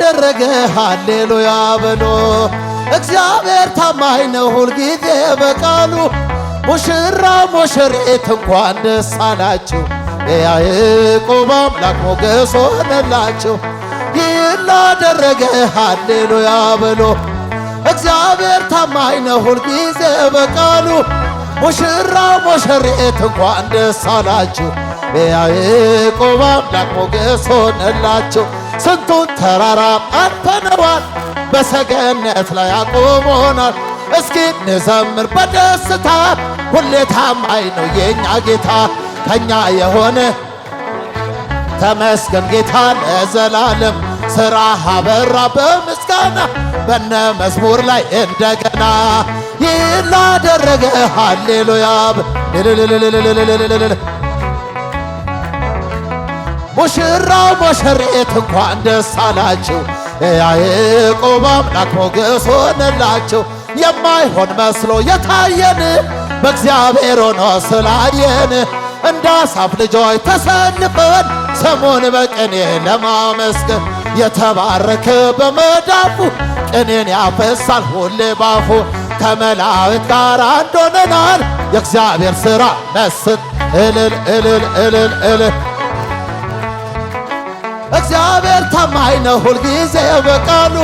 ላደረገ ሃሌሉያ በሎ እግዚአብሔር ታማኝ ነው ሁልጊዜ በቃሉ ሙሽራ ሙሽሪት እንኳን ደስ አላችሁ የያዕቆብ አምላክ ሞገስ ሆነላችሁ ይህን ላደረገ ሃሌሉያ በሎ እግዚአብሔር ታማኝ ነው ሁልጊዜ በቃሉ ሙሽራ ሙሽሪት እንኳን ደስ አላችሁ የያዕቆብ አምላክ ሞገስ ሆነላችሁ ስንቱን ተራራ አልፈነዋል፣ በሰገነት ላይ አቁሞናል። እስኪ ንዘምር በደስታ ሁሌ ታማኝ ነው የኛ ጌታ፣ ከኛ የሆነ ተመስገን ጌታ ለዘላለም። ስራ አበራ በምስጋና በነ መዝሙር ላይ እንደገና ይህን ላደረገ ሃሌሉያ ሙሽራው ሙሽሪት እንኳን ደስ አላችሁ። ያዕቆብ አምላክ ሞገስ ሆነላችሁ። የማይሆን መስሎ የታየን በእግዚአብሔር ሆኖ ስላየን እንደ አሳፍ ልጆች ተሰልፈን ስሙን በቅኔ ለማመስገን የተባረከ በመዳፉ ቅኔን ያፈሳል ሁሌ ባፉ ከመላእክት ጋር አንድ ሆነናል። የእግዚአብሔር ሥራ መስል እልል እልል እልል እልል እግዚአብሔር ታማኝ ነው ሁልጊዜ በቃሉ።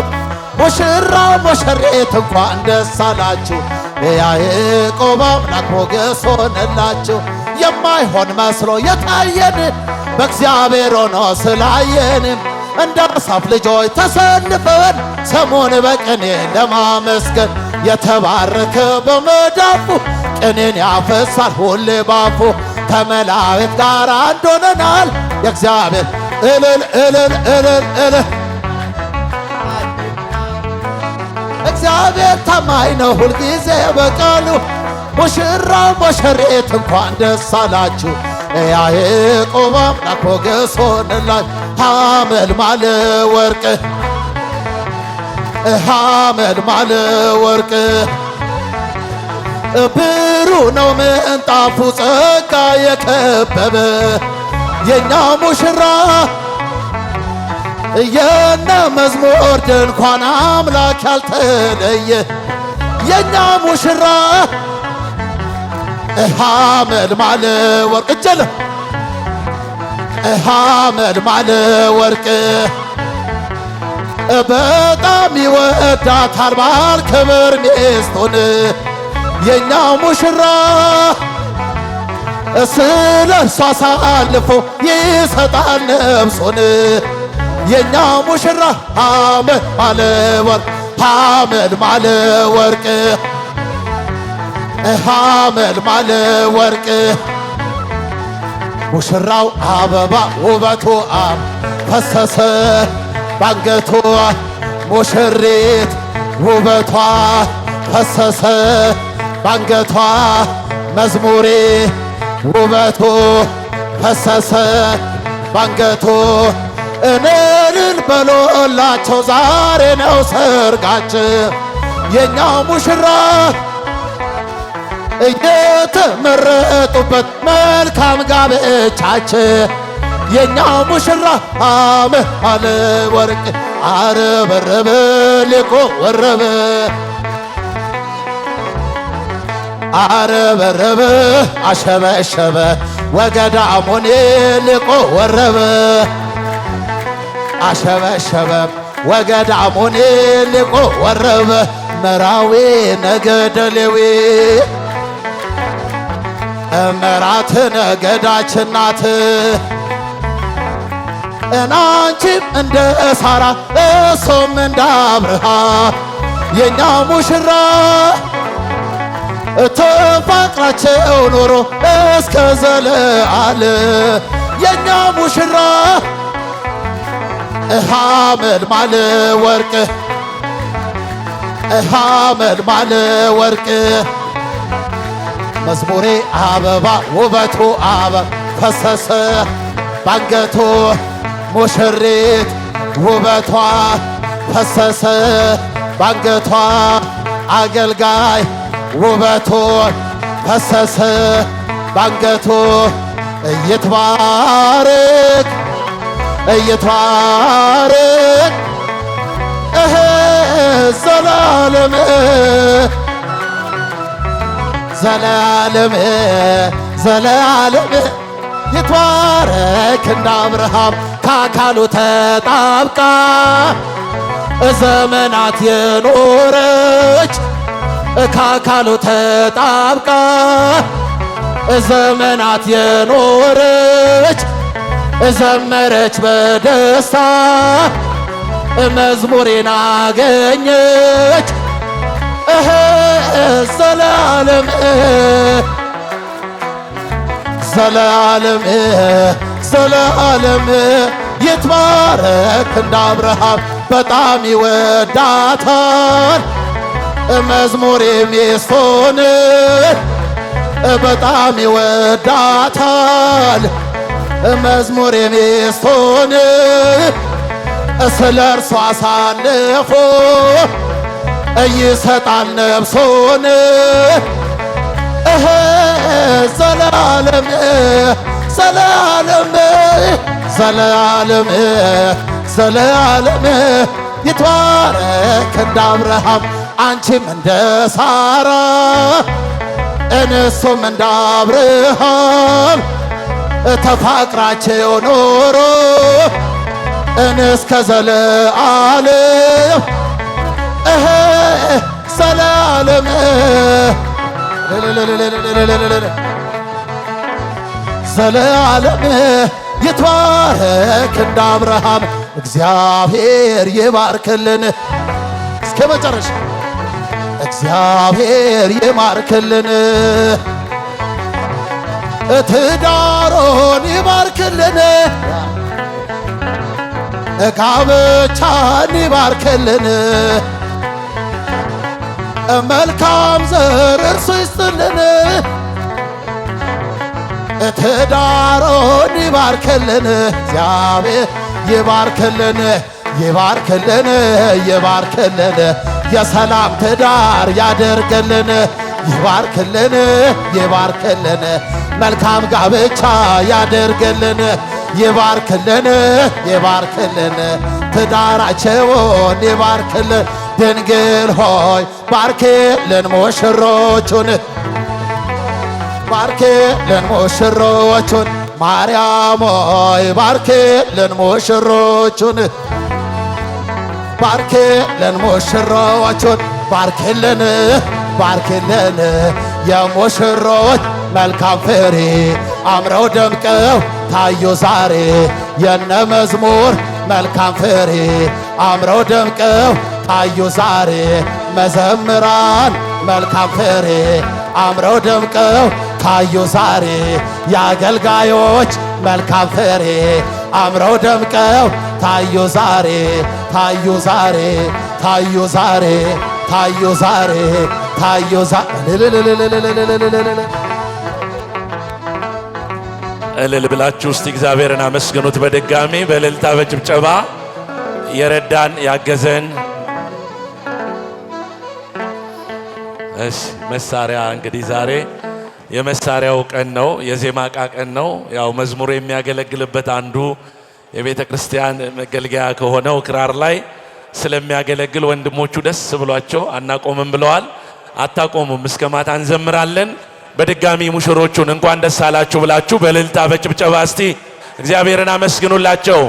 ሙሽራው ሙሽሪት እንኳን ደስ አላችሁ፣ የያዕቆብ አምላክ ሞገስ ሆነላችሁ። የማይሆን መስሎ የታየን በእግዚአብሔር ሆኖ ስላየን እንደ አሳፍ ልጆች ተሰልፈን ሰሞን በቅኔ ለማመስገን የተባረከ በመዳፉ ቅኔን ያፈሳል ሁሌ ባፉ ከመላእክት ጋር አንድ ሆነናል የእግዚአብሔር እልል እልል እልል እልል እግዚአብሔር ታማኝ ነው ሁልጊዜ በቃሉ ሙሽራው ሙሽሪት እንኳን ደስ አላችሁ ያዕቆብ አምላክ ሞገስ ሆንላችሁ ሐመልማል ወርቅ ሐመልማል ወርቅ ብሩህ ነው ምንጣፉ ጸጋ የከበበ የእኛ ሙሽራ የነ መዝሙር ድንኳን አምላክ ያልተለየ የእኛ ሙሽራ መልማለ ወርቅ እጀለ መልማለ ወርቅ በጣም ይወዳታል ባል ክብር ሚስቱን የእኛ ሙሽራ ስለ እርሷ አሳልፎ ይሰጣል ነፍሱን የእኛ ሙሽራ ሐመል ማለ ወርቅ ሐመል ማለ ወርቅ ሐመል ማለ ወርቅ ሙሽራው አበባ ውበቱ አብ ፈሰሰ ባንገቷ ሙሽሪት ውበቷ ፈሰሰ ባንገቷ መዝሙሬ ውበቱ ፈሰሰ ባንገቱ እኔንን በሎላቸው ዛሬ ነው ሰርጋች የእኛው ሙሽራ እየተመረጡበት መልካም ጋብቻች የእኛው ሙሽራ አመ አለ ወርቅ አረበረበ ሊቆ ወረበ አረበረበ አሸበሸበ ወገዳሙን ልቆ ወረበ አሸበሸበ ወገዳሙን ልቆ ወረበ መራዊ ነገደ ሌዊ እመራት ነገዳችን ናት እናንቺም እንደ ሳራ እሶም እንዳ አብርሃ የእኛ ሙሽራ ተፋቅራቸው ኖሮ እስከ ዘለዓለ የእኛ ሙሽራ መልማለ ወርቅ መልማለ ወርቅ መዝሙሬ አበባ ውበቱ አበ ፈሰሰ ባንገቱ ሙሽሪት ውበቷ ፈሰሰ ባንገቷ አገልጋይ ውበቱ ፈሰሰ ባንገቱ እየትባረክ እየትባረክ እህ ዘላለም ዘላለም ዘላለም ይትባረክ እንደ አብርሃም ከአካሉ ተጣብቃ ዘመናት የኖረች ከአካሉ ተጣብቃ ዘመናት የኖረች ዘመረች በደስታ መዝሙሬን አገኘች እህ ዘላለም ዘላለም ይትባረክ እንደ አብርሃም በጣም ይወዳታል መዝሙር የሚስፎን በጣም ይወዳታል መዝሙር የሚስፎን ስለ እርሷ አሳልፎ ይሰጣል ነብሶን እህ ዘላለም ዘላለም ዘላለም ዘላለም ይትባረክ እንደ አብርሃም አንቺም እንደ ሳራ እነሱም እንደ አብርሃም ተፋቅራቸው ኖሮ እስከ ዘለዓለም ዘለዓለም ዘለዓለም ይትባረክ እንደ አብርሃም እግዚአብሔር ይባርክልን እስከ መጨረሻ እግዚአብሔር ይባርክልን፣ እትዳሮን ይባርክልን፣ ጋብቻን ይባርክልን፣ መልካም ዘር እርሱ ይስጥልን፣ እትዳሮን ይባርክልን፣ እግዚአብሔር ይባርክልን፣ ይባርክልን፣ ይባርክልን የሰላም ትዳር ያደርግልን ይባርክልን ይባርክልን መልካም ጋብቻ ያደርግልን ይባርክልን ይባርክልን ትዳራቸውን ይባርክልን ድንግል ሆይ ባርክልን ሙሽሮቹን ባርክልን ሙሽሮቹን ማርያም ሆይ ባርክልን ሙሽሮቹን ባርኬለን ሙሽሮቹን ባርኬለን ባርኬለን የሙሽሮች መልካም ፍሬ አምረው ደምቀው ታዩ ዛሬ የነ መዝሙር መልካም ፍሬ አምረው ደምቀው ታዩ ዛሬ መዘምራን መልካም ፍሬ አምረው ደምቀው ታዩ ዛሬ የአገልጋዮች መልካም ፍሬ አምረው ደምቀው ታዩ ዛሬ ታዩ ዛሬ ታዩ ዛሬ ታዩ ዛሬ ታዩ እልል ብላችሁ ውስጥ እግዚአብሔርን አመስግኑት። በድጋሚ በእልልታ በጭብጨባ የረዳን ያገዘን መሳሪያ እንግዲህ ዛሬ የመሳሪያው ቀን ነው። የዜማ ዕቃ ቀን ነው። ያው መዝሙሩ የሚያገለግልበት አንዱ የቤተ ክርስቲያን መገልገያ ከሆነው ክራር ላይ ስለሚያገለግል ወንድሞቹ ደስ ብሏቸው አናቆምም ብለዋል። አታቆሙም፣ እስከ ማታ እንዘምራለን። በድጋሚ ሙሽሮቹን እንኳን ደስ አላችሁ ብላችሁ በልልታ በጭብጨባ እስቲ እግዚአብሔርን አመስግኑላቸው።